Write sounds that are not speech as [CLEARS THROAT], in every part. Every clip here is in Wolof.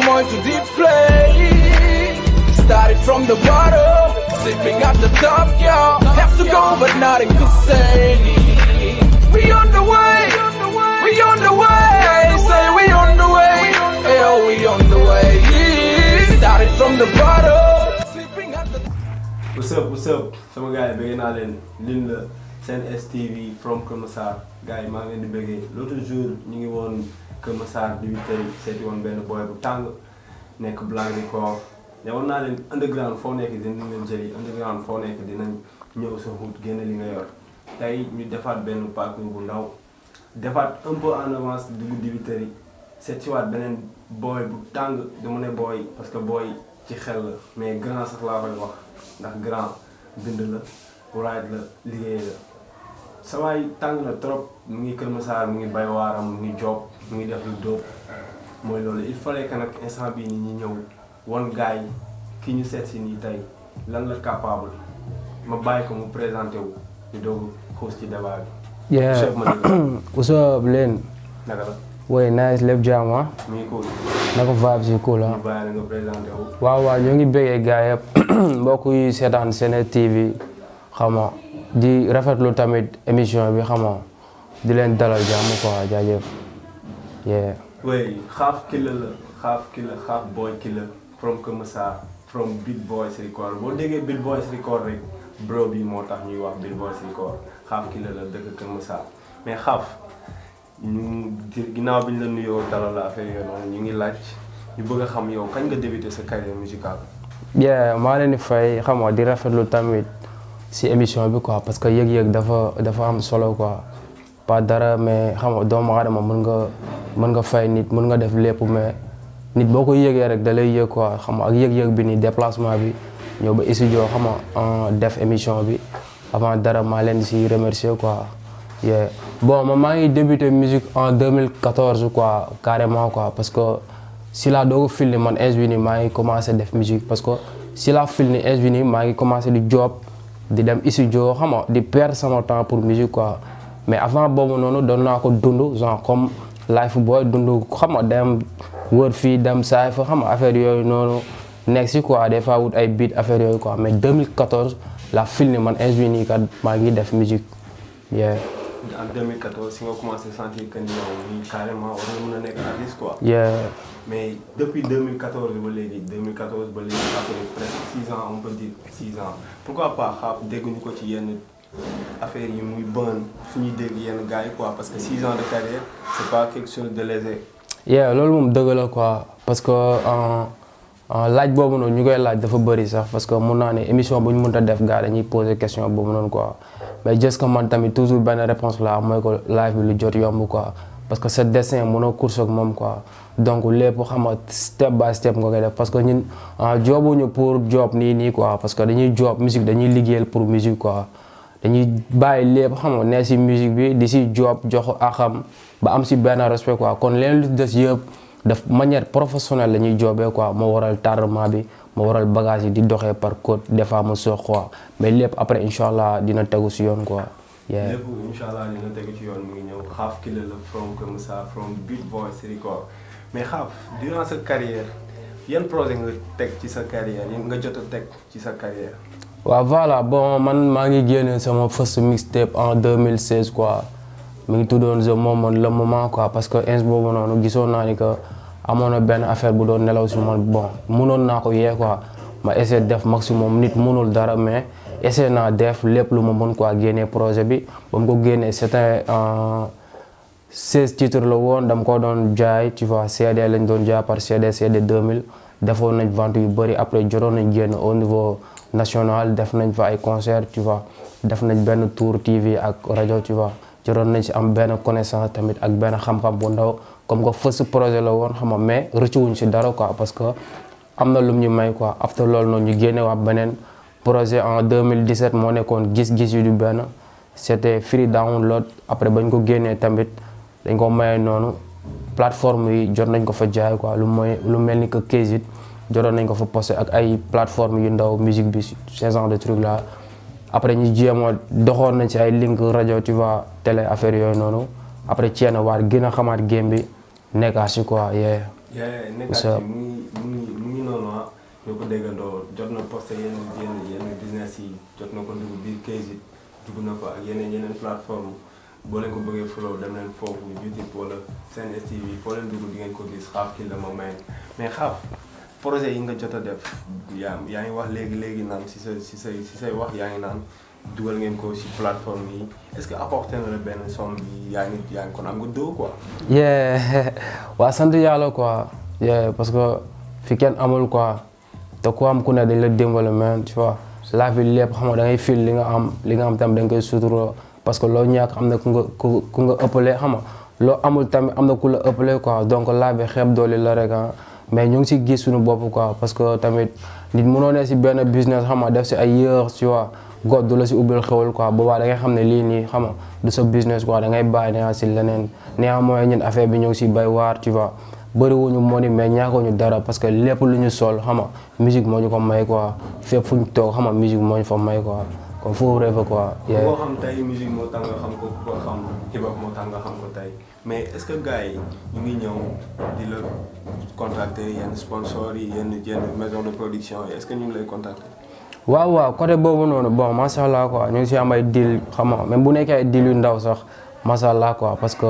them onto deep play. Started from the bottom, sipping at the top, y'all. Have to go, but nothing to say. We on the way, we on the way. Say we on the way, yeah, we on the way. Started from the bottom, sipping at the. What's up? What's up? Sama gars yi bëgg naa leen lin la seen STV from Kër Massar gars yi maa ngi leen di bëggee l'autre jour ñu ngi woon. Kër Massar di tey seeti woon benn booy bu tàng nekk blanc di ko ne war naa leen underground foo nekk dinañ leen underground foo nekk dinañ ñëw sa route génn li nga yor tey ñu defaat benn parcours bu ndaw defaat un peu en avance dugg dibiteri waat beneen booy bu tàng dama ne booy parce que booy ci xel la mais grand sax laa koy wax ndax grand bind la wuraaj la liggéey la sawaay tàng na trop mu ngi Kër Massar mu ngi bay waaram mu ngi job mu ngi def lu dóob mooy loolu il fallait que nag instant bii nii ñu ñëw wan gars yi ki ñu seet si nii tey lan la capable ma bàyyi ko mu présenté wu ñu doog ci débat bi. chef ma Ousseynou [CLEARS THROAT] ah? ah? waaw waaw ñoo ngi bëggee gars yëpp [CLEARS THROAT] mbokk yi seetaan Sene TV xam nga di rafetlu tamit émission bi xam di leen dalal jàmm quoi jaajëf. Yeah. Wait, half killer, half killer, half boy killer from Kamasa, from Big Boys Record. Boo déggee Big Boys Record rek bro bi moo tax ñuy wax Big Boys Record half killer la dëkk Kamasa mais half ñu ginnaaw bi ñu la nuyoo dalal la yooyu ñu ngi laaj ñu bëgg a xam yow kañ nga débuté sa carrière musicale. yeah maa leen di fay xam nga di rafetlu tamit si émission bi quoi parce que yëg-yëg dafa dafa am solo quoi. pas dara mais xam nga doomu aadama mën nga mën nga fay nit mën nga def lépp mais nit boko yegge rek da lay quoi xam ak yeg yeg bi ni déplacement bi ñëw ba studio xam en def émission bi avant dara ma len si remercier quoi. bon ma maa ngi débuté musique en 2014 quoi carrément quoi parce que si laa doog a man esvini ma ngi commencer def musique parce que si laa filmer esvini ma ngi commencer di job di dem studio xam di perdre sama temps pour musique quoi mais avant boobu noonu doon naa ko dund genre comme life Boy, dund xam dem wër fi dem ça, fa xam affaire yoy noonu next quoi des fois wut ay beat affaire yoy quoi mais 2014 la film ni man instant nii kat ngi def musique yeah. en 2014 si nga commencé sentir que ni yow nii carrément war nga mën a artiste quoi. yeah. mais depuis 2014 ba léegi 2014 ba léegi ça fait presque 6 ans on peut dire 6 ans pourquoi pas xaaf dégguñu ko ci yenn affaire yi muy bonne fu ñuy dégg yenn gars yi quoi parce que six ans de carrière c'est pas quelque chose de léger. yeah loolu moom dëgg la quoi parce que laaj boobu noonu ñu koy laaj dafa bëri sax parce que mun naa ne émission bu ñu mënta def gars dañuy poser question boobu noonu quoi mais juste que man tamit toujours benn réponse la mooy ko live bi lu jot yomb quoi parce que sa dessin mënoo course ak moom quoi donc lépp xam nga step by step nga koy def parce que ñun ah, jobuñu pour job nii nii quoi parce que dañuy job musique dañuy liggéeyal pour musique quoi. dañuy bàyyi lepp xam nga ne musique bi di ci job jox akam ba am ci ben respect quoi kon leen lu des yeb daf manière professionnelle lañuy jobé quoi mo waral tarma bi mo waral bagage di doxé par code defa mo so quoi mais lepp après inshallah dina tagu ci yoon quoi. yeah lepp inshallah dina tagu ci yoon mi ngi ñew xaf ki le from comme ça from Big Voice Record mais xaf durant sa carrière yan projet nga tek ci sa carrière nga jot tek ci sa carrière. waaw voilà bon man maa ngi génne sama first mixtape en 2016 quoi mu ngi tuddoon the moment le moment quoi parce que ins boobu noonu gisoon naa ni que amoon na benn affaire bu doon nelaw si man bon mënoon naa ko yee quoi ma essayer def maximum nit munul dara mais essayer naa def lépp lu ma mun quoi génne projet bi ba mu ko génnee c'était en seize titres la woon dam ko doon jaay tu vois CD lañ doon jaay par CD CD 2000 defoon nañ vente yu bëri après jotoon nañ génn au niveau. national def nañ fa ay concert tu vois def nañ benn tour TV ak rajo tu vois joroon nañ si am benn connaissance tamit ak benn xam-xam bu ndaw comme que first projet la woon xam mais rëccuwuñ si dara quoi parce que am na lum ñu may quoi après loolu noonu ñu génne waa beneen projet en 2017 moo nekkoon gis-gis yu du benn c' était free download après bañ ko génnee tamit dañ ko maye noonu plateforme yi jot nañ ko fa jaay ko lu mooy lu mel ni que Kézit jotoon nañ ko fa posté ak ay plateforme yu ndaw musique bi ce genre de truc là après ñu jéemoo doxoon nañ ci ay link rajo tu vois télé affaire yooyu noonu après ceen waar gën a xamaat game bi nekkaat si quoi yee nekkaat ah. ñoo ko déggandoo jot na posté yenn yenn yenn business yi jot na ko dugg biir Kayz it dugg na ko ak yeneen yeneen plateforme boo leen ko bëggee follow dem leen foofu YouTube wala Sen STV foo leen dugg di ko gis projet yi nga jot a def yaa yaa ngi wax léegi léegi naan si sa si say si say wax yaa ngi naan dugal ngeen ko si plateforme yi est-ce que apporté na la benn somme bi yaa ngi yaa ngi kon am nga doo quoi. [LAUGHS] waa sant yàlla quoi parce que fi kenn amul quoi te ku am ku ne dañ la dimbali mais tu vois la vie lépp xam da ngay fil li nga am li nga am tamit da koy suturoo parce que loo ñàkk am na ku nga ku nga ëppale xam nga loo amul tamit am na ku la ëpp ëppale quoi donc laa bi xeeb doole la rek ah. mais ñoo ngi si gis suñu bopp quoi parce que tamit nit mënoo ne si benn business xam nga def si ay yëx tu vois God la si ubbil xewul quoi boobaa da ngay xam ne lii nii xam nga du sa business quoi da ngay bàyyi ne si leneen néanmoins ñun affaire bi ñu ngi si bay waar tu vois bëriwuñu moo ni mais ñu dara parce que lépp lu ñu sol xam nga musique moo ñu ko may quoi fépp fu ñu toog xam nga musique moo ñu fa may quoi. comme foo rêve quoi. yaa xam tey musique moo tax nga xam ko koo xam hip moo tax nga xam ko tey mais est ce que gars yi ñu ngi ñëw di la contacter yenn sponsors yi yenn jenn maison de production yi est ce ñu ngi lay contacter. waaw waaw côté boobu noonu bon macha allah quoi ñu si am ay deal xam nga bu nekkee ay deal yu ndaw sax macha allah quoi parce que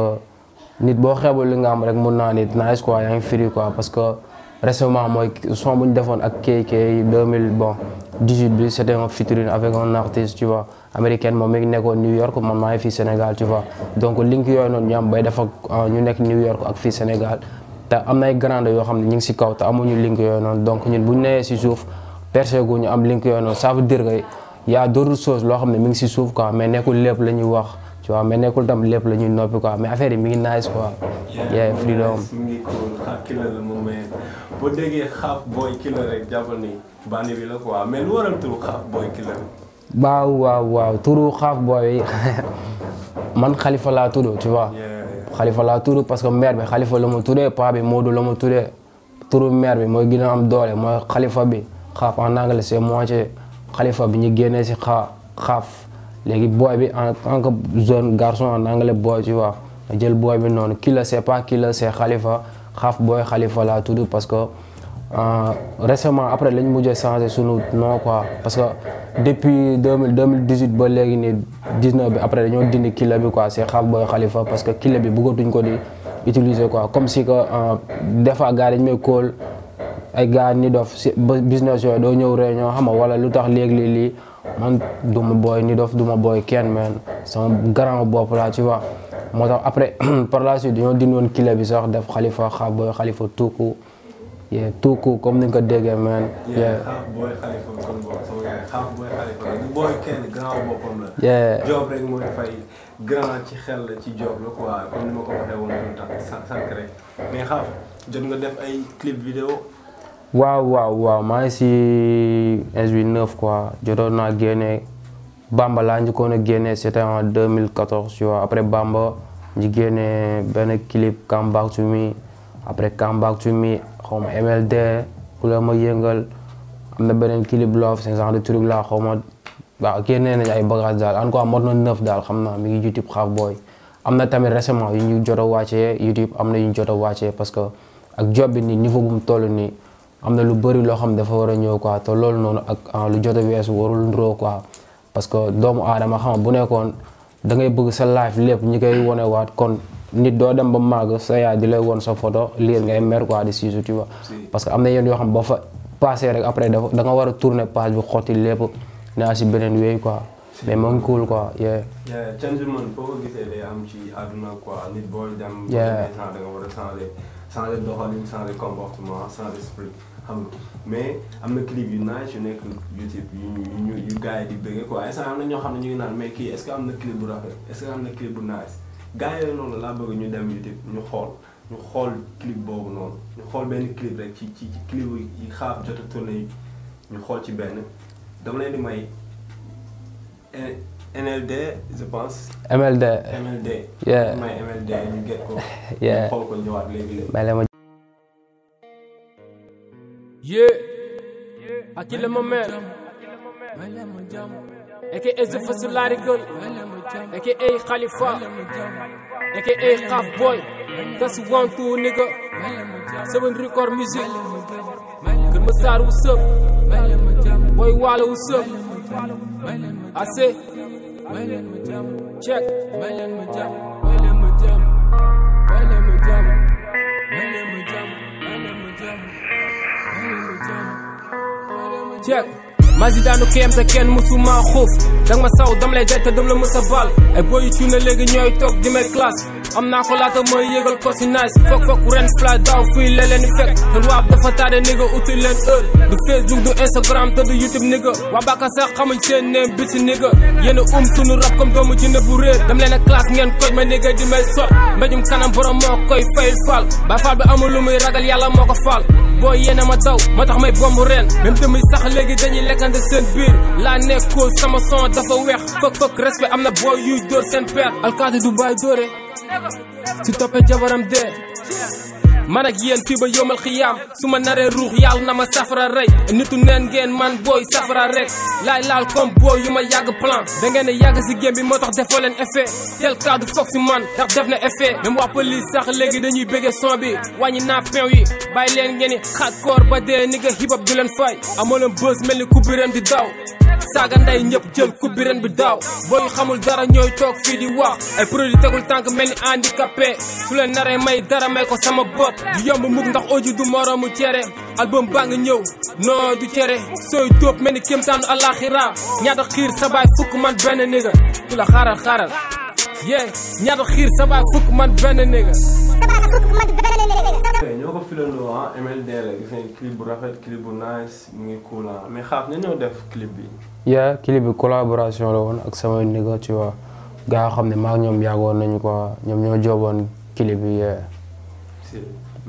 nit boo xeebul li nga am rek mun naa nit nice quoi yaa ngi firi quoi parce que récemment mooy son bu defoon ak KK 2000 bon. 18 bi c'était un featuring avec un artiste tu vois moom mi ngi nekkoon New York man maa ngi fii Sénégal tu vois donc link yooyu noonu ñu am bay dafa euh, ñu nekk New York ak fii Sénégal te am na ay grande yoo xam ne ñu ngi si kaw te amuñu link yooyu noonu donc ñun bu ñu newee si suuf percé gu ñu am link yooyu noonu ça veut dire que y a d'autres loo xam ne mi ngi si suuf quoi mais nekkul lépp la ñuy wax. tu vois mais nekkul tam lepp la ñuy noppi quoi mais affaire yi mi ngi nice quoi. yeah freedom mi ngi cool xaaf kilo la moom mais boo déggee xaaf booy kilo rek jàppal ni bandi bi la quoi mais lu waral turu xaaf boy killer bi. waaw waaw waaw turu xaaf booy [LAUGHS] man khalifa la tudd tu vois. khalifa la tudd parce que mère bi khalifa la ma tuddee paa bi Modou la ma tuddee turu mère bi moy gina am doole moy khalifa bi xaaf en anglais c'est moitié khalifa bi ñu génnee ci xaa xaaf les boy bi en tant que jeune garçon en anglais boy tu vois nga boy bi non qui la sait pas qui la sait Khalifa xaaf boy Khalifa là tout parce que euh, récemment après lañ mujjee changer sunu non quoi parce que depuis 2000 2018 ba légui ni 19 après dañoo dindi qui la bi quoi c'est xaaf boy Khalifa parce que qui la bi bëggatuñ ko di utiliser quoi comme si que euh, des fois gars dañ may kóol ay gars ni dof business yo do ñëw réunion xama wala lutax tax li, li, man du ma booy ni dof du ma booy kenn man sama grand bopp laa ci wax moo tax après [CLEARS THROAT] par la suite dañoo dindi woon kile bi sax def xalifa xaaf booy xalifa tuuku tuuku comme ni nga ko déggee man. yee xaaf booy grand boppam la. yee Diop rek mooy fay grand ci xel la ci Diop la ni ma ko waxee woon noonu tax sànq rek mais xaaf jot nga def ay clip vidéo. waaw waaw waaw maa ngi si SB 9 quoi jotoon naa génne Bamba laa njëkkoon a génne c'était en 2014 tu vois après Bamba ñu génne benn clip Come Back to Me après Come Back to Me xaw ma MLD ku la ma yëngal am na beneen clip love ce genre de truc là xaw ma waaw génne nañ ay bagages daal en ko am na neuf daal xam na mi ngi YouTube Xaaf Boy am na tamit récemment yu ñu jot a wàccee YouTube am na yu ñu jot a wàccee parce que ak job bi nii niveau bu mu toll nii. am na lu bëri loo xam dafa war a ñëw quoi te loolu noonu ak ah, lu jot a weesu warul ndroo quoi parce que doomu aadama xam bu nekkoon da ngay bëgg sa life lépp ñi koy waat kon nit doo dem ba màgg sa yaay di lay won sa photo liir ngay mer quoi di siisu tu vois parce que am na yenn yoo xam ba fa passé rek après dafa da nga war a tourner page bi xotti lépp naa si beneen wéy quoi mais moom quoi am ci àdduna quoi nit a xam nga mais am na clip yu naaj yu nekk YouTube yu yu yi di bëggee quoi instant am na ñoo xam ne ñu ngi naan mais kii est-ce que am na clip bu rafet est am na clip bu naaj gars yooyu noonu laa bëgg ñu dem YouTube ñu xool ñu xool clip boobu noonu ñu xool benn clip rek ci ci clip yi xaaf jot a tourné yi ñu xool ci benn dama leen di may NLD je pense. MLD MLD. yeah may MLD ñu get ko. [LAUGHS] yeah xool ko ñëwaat léegi léegi. Yeah, I kill my man. AKA Zufa Solari Gun, AKA Khalifa, AKA Kaf Boy. That's one two nigga. Seven record music. Kid Masar, what's up? Boy Walla, what's up? I say, check. Malam Majam, Malam Majam, Malam Majam, Malam check maa si daanu kéem te kenn mësuma xuuf danga ma saw dam lay daj te dam la mës a baal ay boy yu cuune léegi ñooy toog di may classe am naa ko laata mooy yëgal ko si nice fokk fokk ren fly daaw fii la leen di fekk te waab dafa taade nigga uti leen heure du facebook du instagram te du youtube nigga waa baka sax xamuñ seen neem bi si nigga yéen a um sunu rab comme doomu jinne bu réer dam leen a classe ngeen koy ma nigga di may sot mbéjum kanam borom moo koy fayil lu muy ragal yàlla moo ko boo yéen a ma daw ma tax may bomb ren même damay sax léegi dañuy lekkante seen biir laa nekkoo sama son dafa weex fëkk fëkk respect am na boo yuy dóor seen père alkaati du bàyyi dóore su toppee jabaram dee man ak yéen fii ba yomal xiyaam su ma naree ruux yàlla na ma safara rey nitu neen ngeen man booy safara rek laay laal comme booy yu ma plan da ngeen ne yàgg si game bi moo tax defoo leen effet tel cas du foog si man ndax def na effet même wax police sax léegi dañuy bëggee son bi wàññi naa peew yi leen ngeen ni ba dee ni nga hip hop du leen fay amoo leen bës mel ni kubbi ren di daw saaga nday ñëpp jël kubbi ren bi daaw booy xamul dara ñooy toog fii di wax ay produit tegul tànk mel ni handicapé su leen naree may ko sama bopp du yomb mukk ndax audio du moroomu cere album baa nga ñëw non du cere sooy tóob mel ni kéemtaanu alaxira ñaata xiir sa fukk man benn nigga ku la xaaral xaaral yee ñaata xiir sa fukk man benn nigga ñoo ko filandoo ah MLD la gis ngeen clip bu rafet clip bu nice mu ngi cool ah. mais xaaf na ñoo def clip bi yaa clip bi collaboration la woon ak sama nigga tu vois gaa xam ne maa ak ñoom yàggoon nañu ko ñoom ñoo jooboon clip bi yee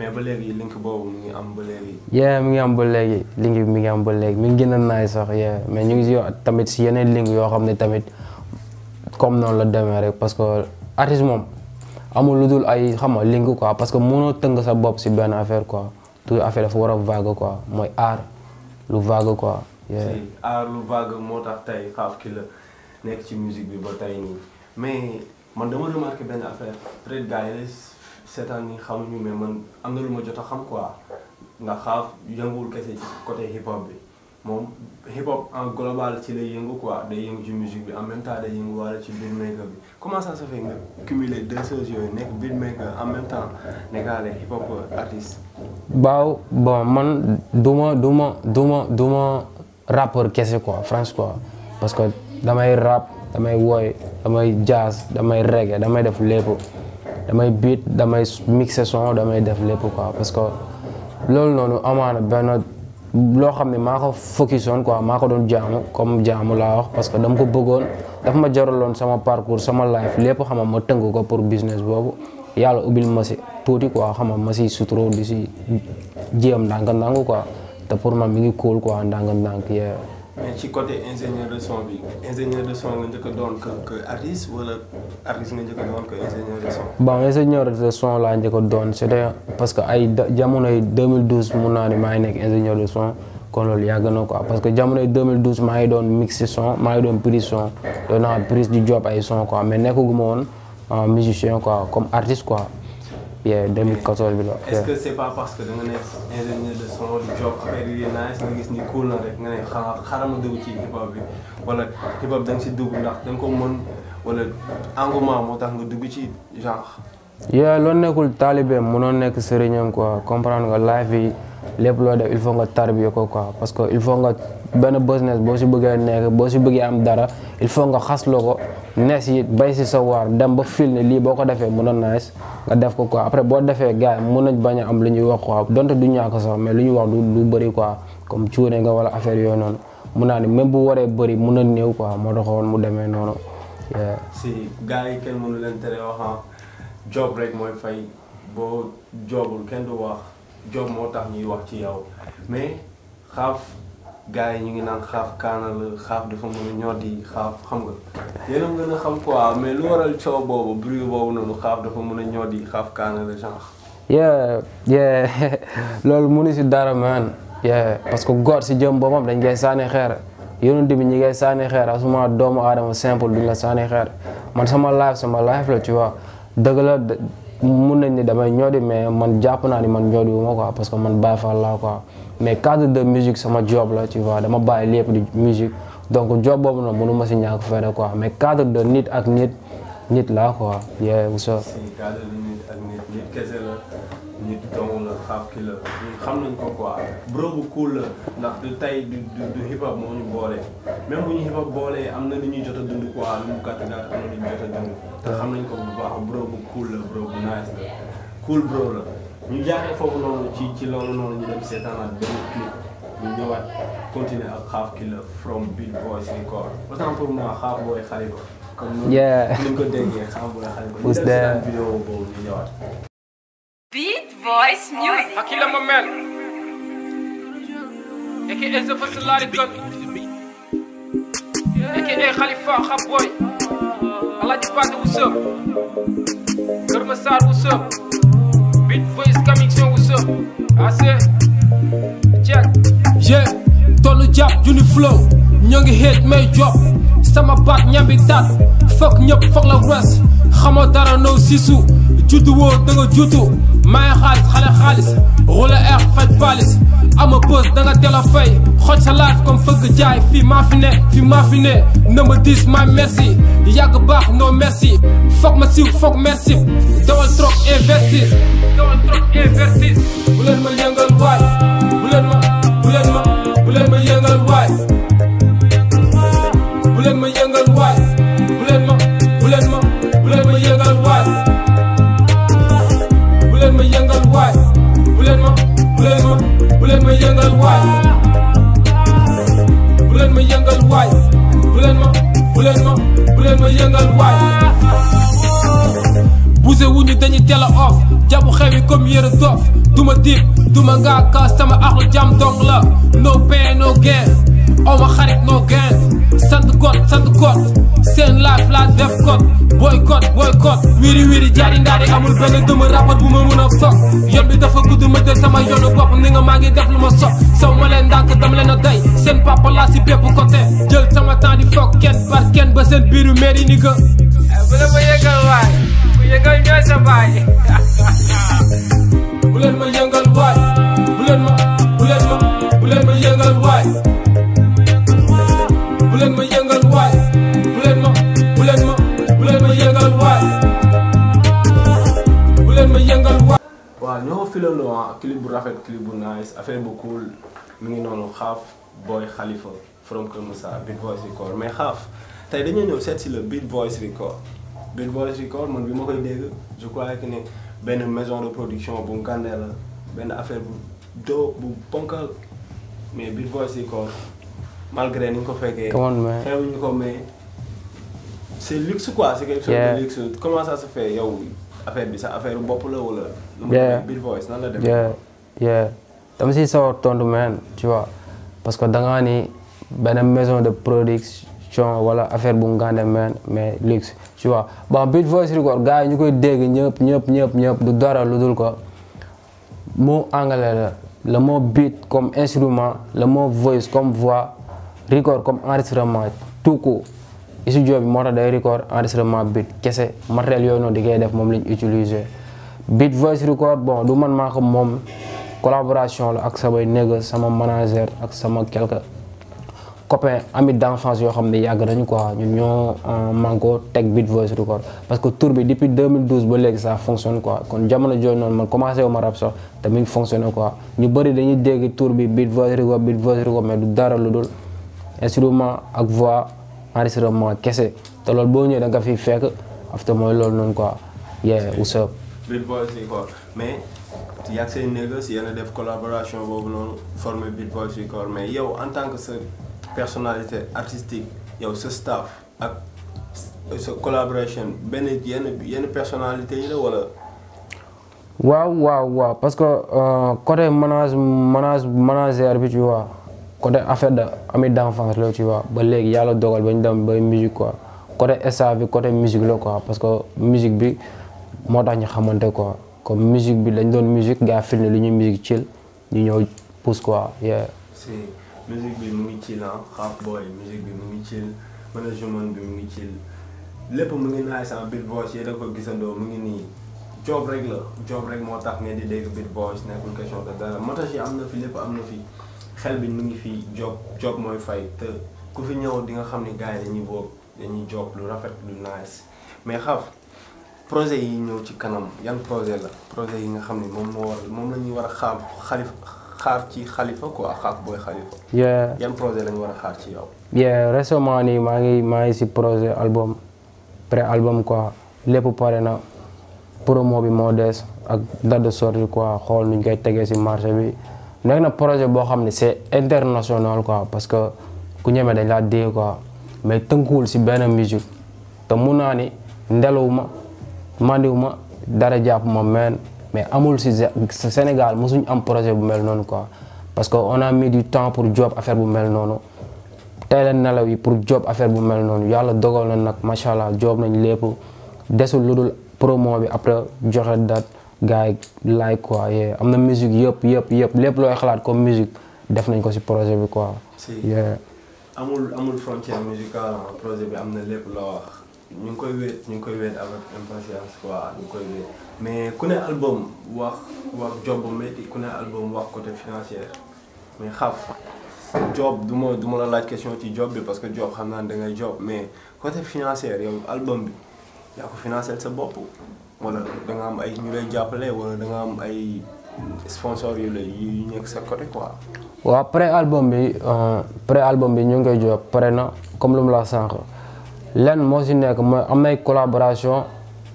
mais ba léegi link boobu mi ngi am ba léegi. yeah mi ngi am ba léegi link bi mi ngi am ba léegi mi ngi gën a naay sax yeah mais ñu ngi si tamit si yeneen link yoo xam ne tamit comme noonu la demee rek parce que artiste moom amul lu dul ay xam nga link quoi parce que mënoo tënk sa bopp si benn affaire quoi tout affaire dafa war a vague quoi mooy aar lu vague quoi. si aar lu vague moo tax tey xaaf ki la nekk ci musique bi ba tey nii mais man dama remarqué benn affaire seetaan ni xamuñu mais man am na lu ma jot a xam quoi nga xaaf yënguwul kese ci côté hip hop bi moom hip hop global ci lay yëngu quoi day yëngu ci musique bi en day yëngu wala ci beatmaker bi comment ça se fait nga cumuler deux yooyu nekk beatmaker en même temps nekkaale hip hop artiste. baaw bon man du ma du ma kese quoi France quoi parce que damay rap damay woy damay jazz damay reggae damay def lépp. damay beat damay mixer son damay def lépp quoi parce que loolu noonu amaana benn loo xam ne maa ko focus woon quoi maa ko doon jaamu comme jaamu laa wax parce que dama ko bëggoon dafa ma jaraloon sama parcours sama life lépp xama ma tëng ko pour business boobu yàlla ubbil ma si tuuti quoi xama ma si suturoo di si jéem ndànk-ndànk quoi te pour man mi ngi cool quoi ndànk-ndànk yee mais ci côté ingénieur de son bi ingénieur de son nga njëkk doon que que artiste wala artiste nga njëkk a doon que ingénieur de son. bon ingénieur de son la njëkk a doon c'est parce que ay jamonoy 2012 mun naa ne ingénieur de son kon loolu yàgg na parce que jamonoy 2012 may ngi doon son may ngi doon prise son doon naa prise du job ay son quoi mais nekkaguma woon euh, musicien quoi comme artiste quoi. yeah 2014 bi la. est-ce c'est pas parce que da nga nekk ingénieur de son di job affaire gis ni cool na rek nga ne xaaral ma dugg ci hip hop bi wala hip hop da si dugg ndax da nga ko mën wala engouement moo tax nga dugg ci genre. yeah loolu nekkul taalibeem mënoon nekk sëriñam quoi comprendre nga life yi. lépp loo def il faut nga tarbiyo ko quoi parce que il faut nga benn business boo si bëggee nekk boo si bëggee am dara il faut nga xas la ko nees yi bay si sa waar dem ba fil ne lii boo ko defee mën a nice nga def ko quoi après boo defee gars yi nañ bañ am lu ñuy wax quoi donte du ñàkk sax mais lu ñuy wax du du bëri quoi comme cuune nga wala affaire yooyu noonu mun naa ne même bu waree bëri mun na néew quoi moo taxoon mu demee noonu. si gars yi kenn mënu leen tere wax ah, job rek mooy fay boo jobul kenn du wax. jom moo tax ñuy wax ci yow mais xaaf gars yi ñu ngi naan xaaf kaana la xaaf dafa mën a ñor di xaaf xam nga yéen a gën a xam quoi mais lu waral coow boobu bruit boobu noonu xaaf dafa mën a ñor di xaaf kaana la genre. yeah yeah [LAUGHS] loolu mënu si dara man yeah parce que góor si jëm boppam dañ koy sànni xeer yonent bi ñi ngay sànni xeer asuma doomu aadama simple duñ la sànni xeer man sama life sama life la tu vois dëgg la. mun na ne damay ñoo di mais man jàpp naa ni man ñoo di wu ma quoi parce que man baa Fall laa quoi mais cadre de musique sama job la tu vois dama bàyyi lépp di musique donc job boobu nag mënu ma si ñàkk fayda quoi mais cadre de nit ak nit. nit la quoi. yeah what's up. nit dong la xaaf ki la ñun xam nañ ko quoi bro bu cool la ndax du tey du hip hop moo ñu boolee même bu ñu hip hop boolee am na lu ñuy jot a dund quoi lu mu gàtt gàtt am na lu jot a dund te xam nañ ko bu baax bro bu cool la bro bu la ñu jaaree foofu noonu ci ci loolu noonu ñu dem seetaanaat benn clip ñu ñëwaat continuer ak xaaf kilo la from big boys encore autant pour moi xaaf booy xalifa yeah. Who's there? Beat Voice Music. Akila Mamel. AKA Zafa Salari Gun. AKA Khalifa Khaboy. Alaji Bada, what's up? Kermasar, what's up? Beat Voice Coming Soon, what's up? I said, check. Yeah jàpp Juli flow ñoo ngi hit may job sama baat ñambi daat foog ñëpp foog la wes xamoo dara no siisu juddu woo da nga juddu maay xaalis xale xaalis wala air faj baalis ama bës da nga teel a fay xoj sa life, come fuck jaay fii fi mafine, fi mafine. number this, my merci yàgg baax no merci foog ma siiw foog merci dawal trop investis dawal trop investis bu leen ma yëngal waay bu leen ma bougé wuñu dañuy teel a off jabu xewi comme yëre doof duma diib duma ngaa ka sama axlu jàmm dong la no pain no gain aw ma xarit no gain sant got sant got seen life laa def kot boycott boycott wiri wiri jaari ndaari amul benn dëma rapport bu ma mën a foog yoon bi dafa gudd ma jël sama yoonu bopp ni nga maa ngi def lu ma soog saw ma leen ndànk dam leen a day seen papa laa si bépp côté jël sama temps di foog kenn par kenn ba seen biiru mairie ni ga eh, bu la ma yëngal ñooy sa baay [LAUGHS] bu leen ma yëngal waay bu leen ma bu leen ma bu leen ma yëngal waay bu leen ma yëngal waay bu leen ma bu leen ma bu leen ma yëngal waay bu leen ma yëngal waay waaw ñoo filando ah, clip bu rafet clip bu nice affaire bu cool mi ngi noonu xaaf booy xalifa from Kër Moussa Beat Voice Record mais xaaf tey dañoo ñëw seet si le Beat Voice Record Billboy Record man bi ma koy dégg je crois que ne une maison de production bu candela, la affaire pour deux, bu ponkal mais Billboy Record malgré ni ñu ko fekkee. xewuñu ko luxe quoi c'est quelque chose de luxe comment ça se fait yow affaire bi sa affaire bopp la wala. yeah Voice, nan la demee. yeah yeah dama siy sawar tontu meen tu vois parce que dans ngaa ni une maison de production son wala affaire bu ngande mais luxe tu vois bon Beat Voice Record gars yi ñu koy dégg ñëpp ñëpp ñëpp ñëpp du dara lu dul ko mot anglais la le mot beat comme instrument le mot voice comme voix record comme enregistrement tout court studio bi moo tax day record enregistrement beat kese matériel yo no digay def mom la utiliser Beat Voice Record bon du man maa ko moom collaboration la ak samay néeg sama manager ak sama quelque copains amis d'enfance yoo xam ne yàgg nañu quoi ñun ñoo euh, manko teg Beat Voice Record parce que tour bi depuis 2012 ba léegi ça fonctionne quoi kon jamono jooju noonu man commencé ma rap sax te mu ngi fonctionné quoi ñu bëri dañuy dégg tour bi Beat Voice Record Beat Voice Record mais du dara lu dul instrument ak voix enregistrement boo ñëwee da nga fiy fekk after mooy loolu noonu quoi yeah what's up Beat Voice Record mais yaa ngi seen négoce yéen a def collaboration boobu noonu former Beat Voice Record mais yow en tant que personnalité artistique yow ce staff ak a collaboration y a une personnalité Oui, wala. parce que euh, côté manage manage manager bi tu vois côté affaire de d'enfance la tu vois ba le dogal dans musique quoi côté staff musique la quoi parce que musique bi moi tax quoi comme musique la musique musique chill pousse quoi yeah. musique bi mu ngi chill ah Rap Boy musique bi mu ngi chill management bi mu ngi chill lépp mu ngi nice ah Beat Boys yéen a ko gisandoo mu ngi nii job rek la job rek moo tax ngeen di dégg Beat Boys nekkul question de dara motage yi am na fi lépp am na fi xel bi mu ngi fi job job mooy fay te ku fi ñëw di nga xam ni gars yi dañuy boob dañuy job lu rafet lu nice mais xaf projet yi ñëw ci kanam yan projet la projet yi nga xam ne moom moo war moom la ñuy war a xaar xalif xaar ci Khalifa quoi xaar booy Khalifa. yan projet lañ war a xaar ci yow. yeah récemment nii maa ngi maa ngi si projet album pré album quoi lépp pare na promo bi moo des ak date de sortie quoi xool nuñ koy tege si marché bi nekk na projet boo xam ne c'est international quoi parce que ku ñeme dañ laa dee quoi mais tënkuwul si benn musique te mun naa ni ndelawuma mandiwuma dara jàpp ma meen. mais amul ci Sénégal mosuñ am projet bu mel noonu quoi parce que on a mis du temps pour job affaire bu mel noonu tey la nelaw yi pour job affaire bu mel noonu yalla dogal na nag macha job nañ lepp dessul ludul promo bi après joxe date gars like quoi am na musique yep yep yep lepp loy xalat comme musique def nañ ko ci projet bi quoi. amul amul frontière musicale projet bi amna lepp lépp wax ñu ngi koy wéet ñu ngi avec impatience quoi ñu ngi koy mais ku ne album wax wax job bu métti ku ne album wax côté financier mais xaf job du ma du ma la laaj question ci job bi parce que job xam naa da ngay job mais côté financier yow album bi yaa financier financé sa bopp wala da nga am ay ñu lay jàppale wala da nga am ay sponsor yu lay yu sa côté quoi. waaw pré album bi après euh, album bi ñu ngi koy job pare na comme lu la sànq. lenn moo si nekk mooy am nay collaboration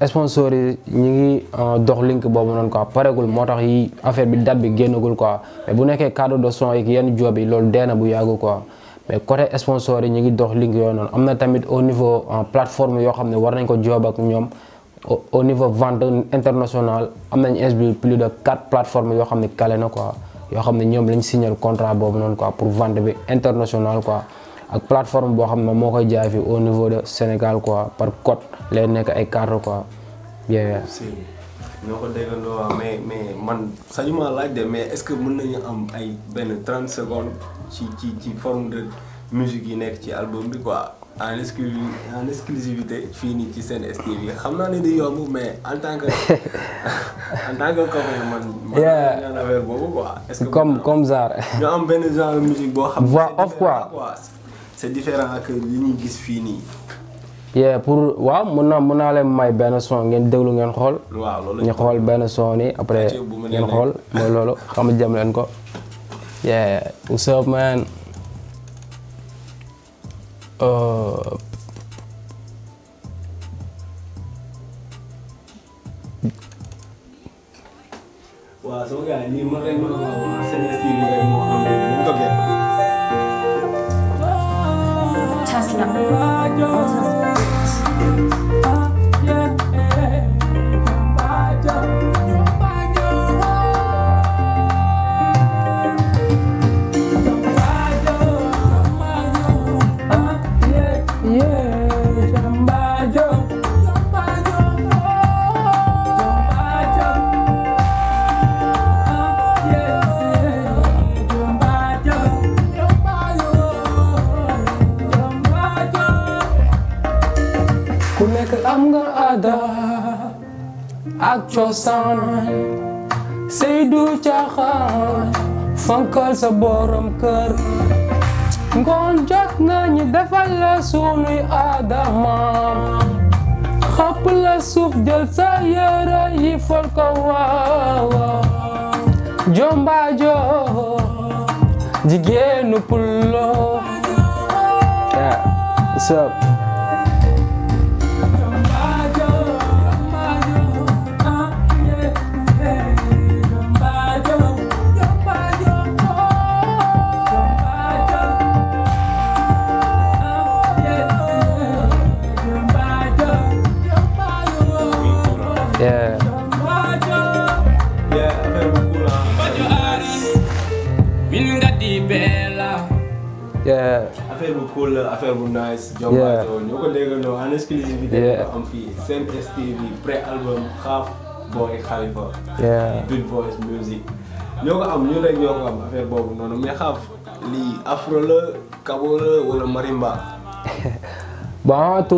sponsors yi ñu ngi euh, dox link boobu noonu quoi paregul moo tax yi affaire bi date bi génnagul quoi mais bu nekkee cadre de son ak yenn job yi loolu dee na bu yàggu quoi mais côté sponsors yi ñu ngi dox link yooyu noonu am na tamit au niveau euh, plateforme yoo xam ne war nañ ko job ak ñoom au niveau vente internationale am nañ insbi plus de quatre plateformes yoo xam ne kale na quoi yoo xam ne ñoom lañ signé contrat boobu noonu quoi pour vente bi internationale quoi ak plateforme boo xam ne moo koy jaay fii au niveau de Sénégal quoi par code lay nekk ay cadre quoi. ñoo ko déggandoo waaw mais mais man sañuma laaj de mais est-ce que mën nañu am ay benn 30 secondes ci ci ci forme de musique yi nekk ci album bi quoi en exclu exclusivité fii nii ci seen STV xam naa ne di yomb mais en tant que [LAUGHS] en tant que copain man. man boobu quoi. est comme comme genre. ñu am benn genre musique boo. xam voix off quoi. c'est différent ak li ñu gis fi ni yeah pour wa mon na mon naa leen may ben son ngeen deglu ngeen xol wa lolu ñu xol ben son ni après ngeen xol mo lolu xam jam leen ko yeah what's up man uh, Wow, so guys, ni mo rin mo mo sa next TV mo ang mga I do not. Just not. cosaan sey du caaxaan fonkal sa borom kër ngoon jot na ñi defal la sunuy aadama xapp la suuf jël sa yëre yi fol waawa jombaajo jigéenu pullo yeah, cool la affaire bu nice. Jokalante ñoo ko déggandoo en exclusivité. am fii Sen STV pré album ko am ñu rek ko am affaire boobu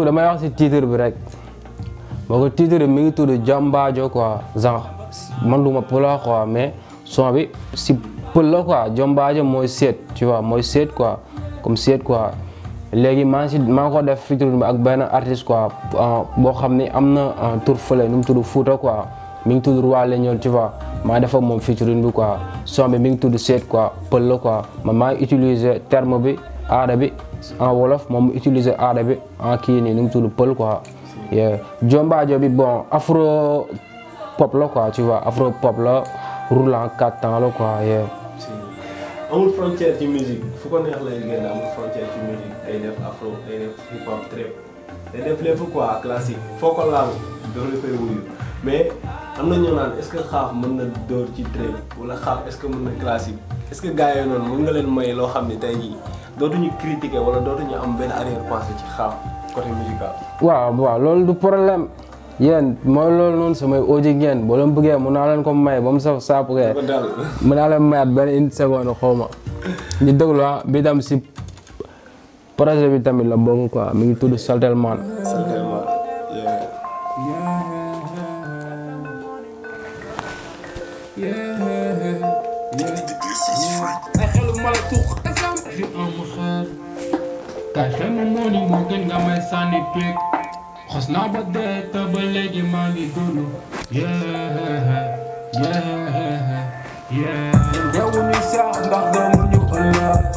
[LAUGHS] bi rek. moo ko titre mi ngi tudd Jambaajo quoi genre mooy seet tu vois mooy seet quoi comme seet quoi léegi maa ngi si ngi ko def featuring bi ak benn artiste quoi euh, boo xam ne am na euh, tur fële nu mu tudd Fouta quoi mi ngi tudd Roi Lénol tu vois maa def ak moom featuring bi quoi son bi mi ngi tudd Seet quoi pël la quoi ma maa ngi utiliser terme bi aada bi en wolof moom mu utiliser aada bi en kii nii nu mu tudd pël quoi. jombaajo bi bon afro pop la quoi tu vois afro pop la roulant quatre temps la quoi. amul frontière ci musique fu ko neex lay génn amul frontière ci musique day def afro day def hip hop trap day def lépp quoi classique foo ko laal daf la fay wuyu mais am na ñoo naan est-ce que xaaf mën na door ci trap wala xaaf est-ce que mën na classique est-ce que gars yooyu noonu mën nga leen may loo xam ne tey jii dootuñu critiquer wala dootuñu am benn arrière pensée ci xaaf côté musical. waaw waaw loolu du problème. yen mo loolu non samay oji ngeen boo leen bëggee mun naa leen ko may ba sa saf saap rek na naa may mayaat une seconde xoma ni deglu déglu bi dam si projet bi tamit la bokk quoi mi ngi tudd Saltel Man Kaçan moni mo gën nga may sànni pek خصنا بدي تبلدي ما يقولوا يا يا يا الجو نساء نخدم نقلب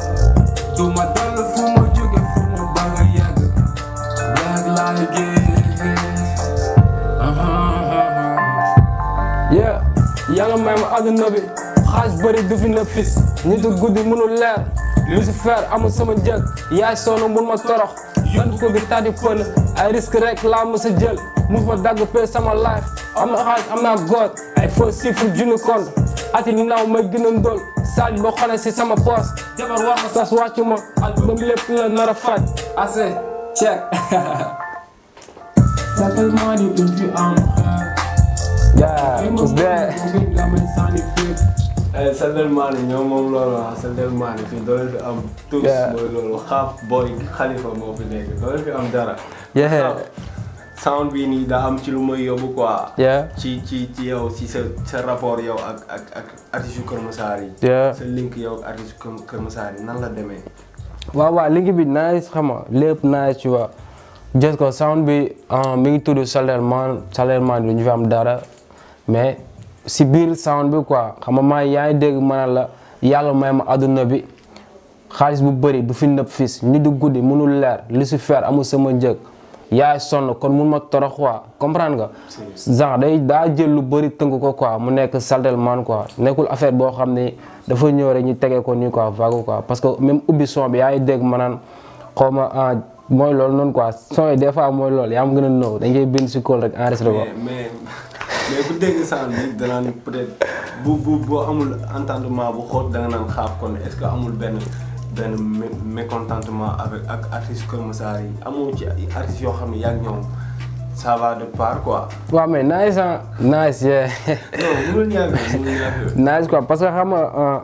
دوما تلف ومجيك فم بغيك لاك لاك يا يلا ما يمقاد النبي xaas bëri du fi na fis nitu guddi mënul leer Lucifer amul sama jëg yaay sonu mun ma torox yan ko bi tadi pëna ay risque rek laa mës Move my dagger fa dagg life. i life am na i am God. I góor ay unicorn. I junni compte ati naaw may gën a ndóol saaj boo xoolee si sama poos jabar war na sas wàccu ma i ba lépp la nar a I assez check S'appelle moi depuis un Yeah, it's that. Eh, Sandel Mané ñoom moom loolu wax Sandel Mané fii doo leen fi am. Um, tous mooy loolu xaaf booy xalifa moo fi nekk doo leen fi am um, dara. sound bi nii daa am um, ci lu may yóbbu quoi. ci ci ci yow si sa sa rapport yow ak ak ak artiste yu Kër Masar yi. sa link yow ak artiste yu Kër Masar yi nan la demee. waaw waaw link bi nice xam nga lépp nice tu vois just ko sound bi uh, mi ngi tudd Sandel Mané Sandel Mané du ñu fi am dara mais. si biir sound bi quoi xam nga maa yaa ngi dégg ma ne la yàlla may ma àdduna bi xaalis bu bëri bu fi nëb fis ñu di guddi mënul leer lu si fer amul sama njëg yaay sonn kon mun ma torox quoi comprendre nga. genre day daa jël lu bëri tënk ko quoi mu nekk saltel quoi nekkul affaire boo xam ne dafa ñëw rek ñu tegee ko nii quoi vague quoi parce que même ubbi son bi yaa ngi dégg ma naan xaw ma ah, mooy loolu noon quoi son yi fois mooy lool yaa ma gën a nëw dañ koy bind si kóol rek en ko. [LAUGHS] mais ku dégg sound bi danaan peut-être bu bu boo amul entendement bu xóot danga naan xaaf kon est-ce que amul benn benn mécontentement avec ak artistes Kër Massar yi amoo ci artistes yoo xam ne yaa ngi ñoom ça de part quoi. waaw mais nice ah nice yeah. non parce que xam nga euh,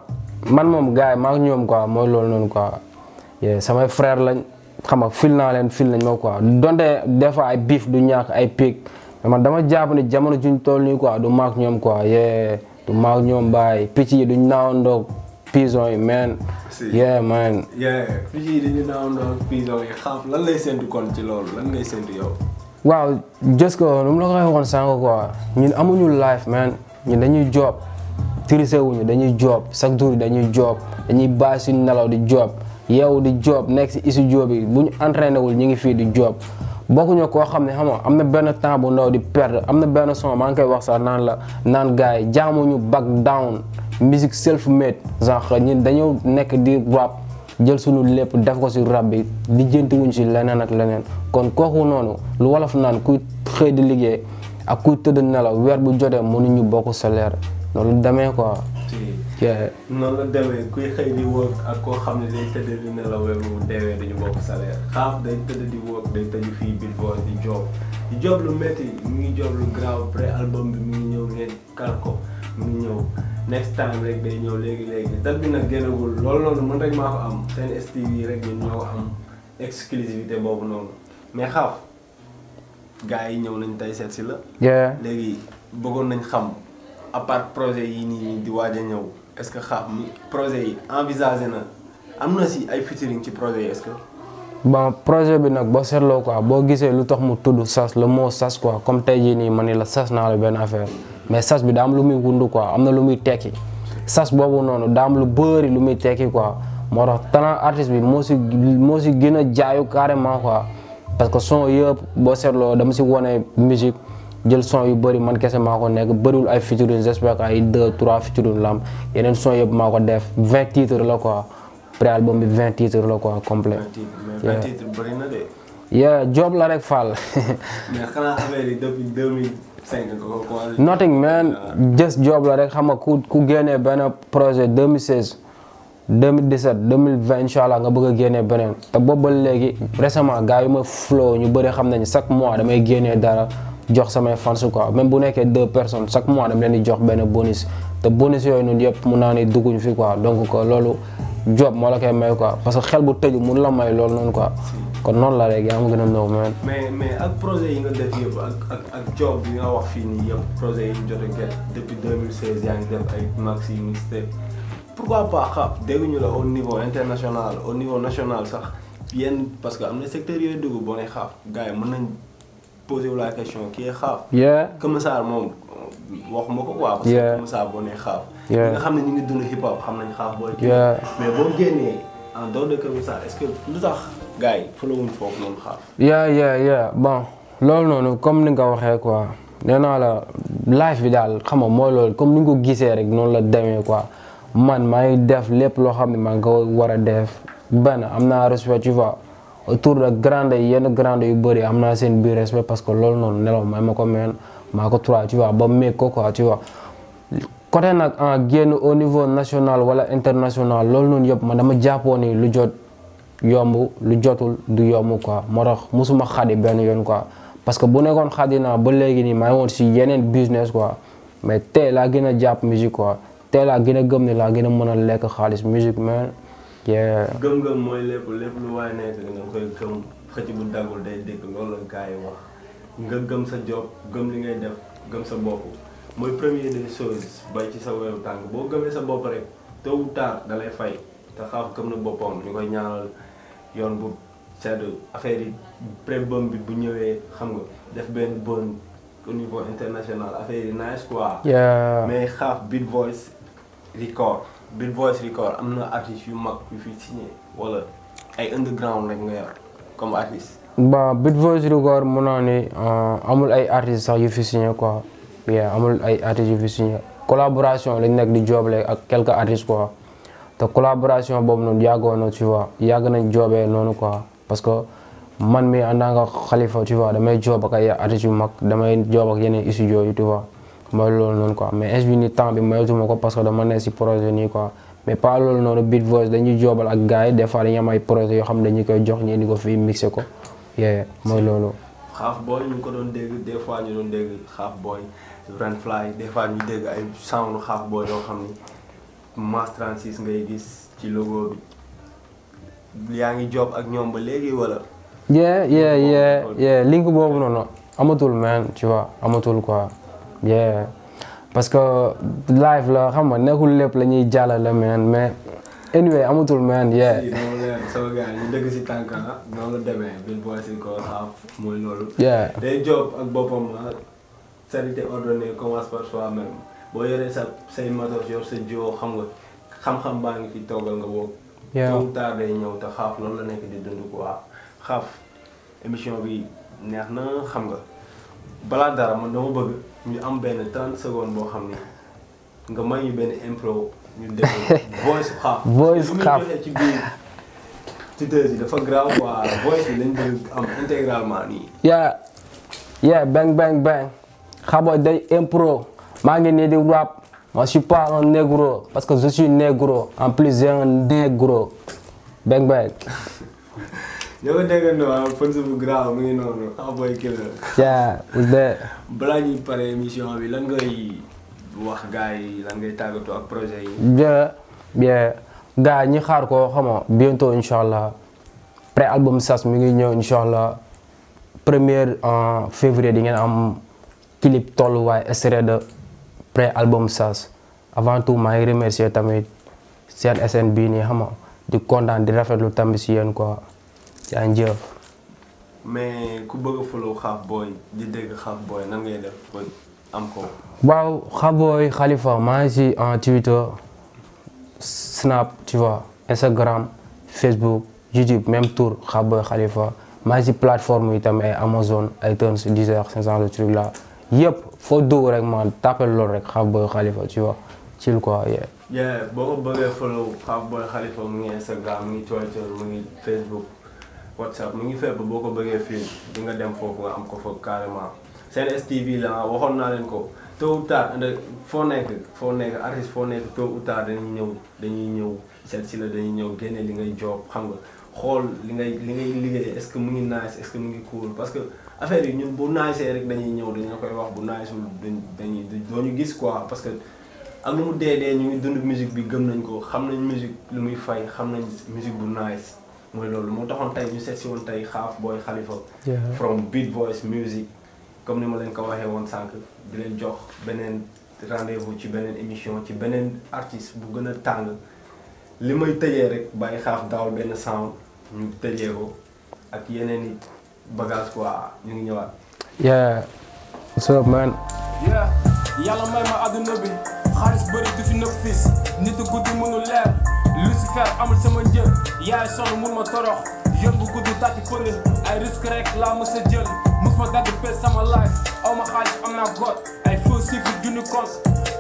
man moom gars yi maa ngi ñoom quoi mooy lool noonu quoi samay frère lañ xam nga fil naa leen fil nañ moo quoi donte des ay biif du ñàkk ay pique. man dama jàpp ne jamono juñ toll nii quoi du maak ñoom ko yee du maak ñoom bàyyi picc yi duñ naawandoo prison yi man. yeah man. yeah picc yi duñu naawandoo prison yi xam lan lay séntu kon ci loolu lan ngay séntu yow. waaw ko nu mu la ko waxee woon sànq quoi ñun amuñu life man ñun dañuy job tirise wuñu dañuy job chaque jour dañuy job dañuy bàyyi suñu nelaw di job yeewu di job nekk si isu bu ñu entraîné wul ñu ngi fii di job. bokkuñu koo xam ne xam nga am na benn temps bu ndaw di perdre am na benn son maa ngi koy wax sax naan la naan gars yi jaamuñu back down musique self made genre ñun dañoo nekk di rap jël suñu lépp def ko si rap bi lijjantiwuñ si leneen ak leneen kon kooku noonu lu wolof naan kuy xëy di liggéey ak kuy tëdd nelaw weer bu jotee mënuñu bokk salaire loolu demee quoi. te noonu la demee kuy xëy di wóor ak koo xam ne day tëdd di nelaw weer bu deewee dañu bokk salaire xaaf day tëdd di wóor day tëju fii Billboard di joob di joob lu métti mu ngi joob lu grave après album bi mu ngi ñëw ngeen kal ko mu ngi ñëw next time rek day ñëw léegi léegi date bi nag génnagul loolu noonu man rek maa ko am seen STV rek ñun ñoo am exclusivité boobu noonu mais xaaf gars yi ñëw nañ tey seet si la. léegi bëggoon nañ xam. à part projet yi nii di waaj a ñëw est-ce que xaar projet yi envisagé na am na si ay featuring ci projet yi est-ce que. bon projet bi nag boo seetloo quoi boo gisee lu tax mu tudd sas le moo sas quoi comme tey jii nii ma ni la sas naa la benn affaire mais sas bi daam lu muy wundu quoi am na lu muy tekki sas boobu noonu daa am lu bëri lu muy tekki quoi moo tax talent artiste bi moo si moo si gën a jaayu carrément quoi parce que son yëpp boo seetloo dam si wone musique. jël son yu bëri man kese maa ko nekk bëriwul ay featuring j'espère que ay 2 3 featuring la am yeneen son yëpp maa ko def 20 titres la quoi pré-album bi 20 titres la quoi complet. 20 titres job la rek Fall. [LAUGHS] mais xanaa affaire yi depuis 2005 nga ko ko. nothing man just job la rek xam nga ku ku génnee benn projet 2016. 2017 2020 allah nga bëgg génnee beneen te boobu ba léegi récemment gars yi ma flow ñu bëri xam nañu chaque mois damay génnee dara. jox sama fans quoi même bu nekkee deux personnes chaque mois dama leen di jox benn bonus te bonus yoy ñun yépp mu naa ne dugguñ fi quoi donc ko lolu job mo la kay may quoi parce que xel bu tëju mu la may lolu non quoi kon non la rek yaa ma gën a man. mais mais ak projet yi nga def yëpp ak ak ak job yi nga wax fi ni yëpp projet yi ñu gel depuis 2016 ya nga def ay maxi mixtape pourquoi pas xam dégguñu la au niveau international au niveau national sax yenn parce que am na secteur yooyu dugg boo ne xaaf gaay yi mën nañ. posé wu la question kii xaaf. Keur Massar moom waxuma ko quoi. parce que Keur Massar boo nee xaaf. ñi nga xam ne ñu ngi dund hip hop xam nañ xaaf booy. mais boo génnee lu tax gars yi fëlawuñ foofu noonu xaaf. yaa yaa yaa bon loolu noonu comme ni nga ko waxee quoi nee naa la life bi daal xam nga mooy loolu comme ni nga ko gisee rek noonu la demee quoi man maa ngi def lépp loo xam ne maa ngi ko war a def benn am naa respect tu vois. autour de grande yenn grande yu bëri am naa seen biir respect parce que loolu noonu nelaw may ma ko meen maa ko trois tu vois ba meeg ko quoi tu vois côté nag en génn au niveau national wala international loolu noonu yëpp man dama jàppoon ni lu jot yomb lu jotul du yomb quoi moo tax mosuma xadi benn yoon quoi parce que bu nekkoon xadi naa ba léegi nii maa ngi woon si yeneen business quoi mais tey laa gën a jàpp musique quoi tey laa gën a gëm ne laa gën a mën lekk xaalis musique man gëm-gëm mooy lépp lépp lu waay nekk nga koy gëm xëcc bu daggul day dégg loolu la gars yi wax nga gëm sa job gëm li ngay def gëm sa bopp mooy premier des choses bay ci sa weeru tànk boo gëmee sa bopp rek tôt ou tard da fay te xaaf gëm na boppam ñu koy ñaanal yoon bu sedd affaire yi pré bi bu ñëwee xam nga def benn bon au niveau international affaire yi nice quoi mais xaaf Big Voice record Bill Voice Record am na artistes yu mag yu fi signé wala ay underground lañ nga yor comme artiste. bon Bill Voice Record mun naa ne euh, amul ay artistes sax yu fi signé quoi yeah amul ay artistes yu fi signé collaboration lañ nekk di joobale ak quelques artistes quoi te collaboration boobu noonu yàggoon na tu vois yàgg nañ joobee noonu quoi parce que man mi en tant que Khalifa tu vois damay joob ak ay artistes yu mag damay joob ak yeneen studio yi tu vois. mooy loolu noonu ko mais inge ni temps bi mayatuma ko parce que dama ne si projet nii quoi mais pas loolu noonu Beat Voice dañuy joobal ak gars yi des fois dañuy am ay projet yoo xam koy jox ñu indi ko fii mixé ko yee mooy loolu xaaf booy ñu ko doon dégg des fois ñu doon dégg xaaf booy Renfly des fois ñu dégg ay sound xaaf booy yoo xam ni Mass 36 ngay gis ci logo bi yaa ngi job ak ñoom ba léegi wala yee yee yee link boobu noonu amatul man tu vois amatul quoi yeah parce que live la xam nga nekkul lépp la ñuy jàllale man mais anyway amatul man yeah. si moom la sama gars ñu dëgg si tànk ah noonu la demee Bill Boy Sinkor ah mooy loolu. yeah day job ak boppam ah charité ordonnée commence par soi boo yoree sa say matos yor sa jiwoo xam nga xam-xam baa ngi fi toggal nga bokk. waaw taw taar day ñëw te xaaf loolu la nekk di dund quoi xaaf émission bi neex na xam nga. balaa dara man dama bëgg ñu am benn 30 secondes boo xam ni nga may ñu benn impro [LAUGHS] voice xaaf. voice xaaf ci biir ci yi dafa grave quoi voice bi lañ bëgg am intégralement nii. yeah yeah bang bang bang xam nga impro maa ngi nii di rap moi je suis pas un parce que je suis négro en plus j'ai un négro bang bang. [LAUGHS] Nyawadega no Alfonso Bugrao mi ngi noonu Cowboy Killer. yaa Ya, de. balaa ñuy pare émission bi lan ngay wax gars yi lan Ya, ya. ak projet yi. bien bien gars ñi xaar ko xam bientôt incha allah album sas mi ngi ñëw incha premier uh, en février di am um, clip tolluwaay uh, extrait de pré album sas avant tout maa ngi remercier tamit seen SN bii nii xam nga di kontaan di rafetlu tamit si yéen quoi. jaajëf. mais ku bëgg a follow Xaaf Booy di dégg Xaaf Booy def ba am ko. waaw Xaaf Khalifa maa ngi si Twitter Snap tu Instagram Facebook YouTube même tour Xaaf Booy Khalifa maa ngi si plateforme yi ay Amazon iTunes Deezer 500 foo dugg rek ma tapel loolu rek Xaaf Khalifa tu vois yeah. boo ko bëggee follow Xaaf Khalifa mu ngi Instagram mu ngi Twitter mu ngi Facebook. WhatsApp mu ngi fépp boo ko bëggee film di nga dem foofu nga am ko fa carrément seen STV la ah, waxoon naa leen ko tôt ou tard foo nekk foo nekk artiste foo nekk tôt ou tard dañuy ñëw dañuy ñëw seet si la dañuy ñëw génne li ngay job xam nga xool li ngay li ngay liggéey est-ce que mu ngi nice est-ce mu ngi cool parce que affaire yi ñun bu nice rek dañuy ñëw dañu la koy wax bu nice dañuy doo ñu gis quoi parce que ak lu mu dee dee ñu ngi dund musique bi gëm nañ ko xam nañ musique lu muy fay xam nañ musique bu nice mooy loolu moo taxoon tey ñu seet si woon tey xaaf booy xalifa from Beat Boys Music comme ni ma leen ko waxee woon sànq di leen jox beneen rendez-vous ci beneen émission ci beneen artiste bu gën a tàng li may tëjee rek bàyyi xaaf daaw benn sound ñu tëjee ko ak yeneen i bagage quoi ñu ngi ñëwaat. yeah what's up man. yeah yàlla may ma àdduna bi xaalis bëri du fi nëb fis nit guddi mënu leer. Lucifer amul sama njël yaay sonn mun ma torox yoon bu gudd tàkki pënd ay risque rek laa mës a jël mus ma dagg pes sama life aw ma xaalis am naa got ay faux chiffre junni compte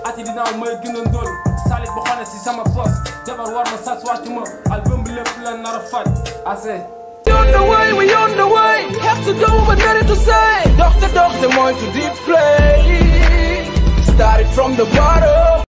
ati dinaaw may gën a ndóol salit bu xone si sama pos jabar war ma sas wàccu ma album bi lépp la nar a faj assez on the way, we on the way. Have to do but nothing to say. Doctor, doctor, want to deep play. Started from the bottom.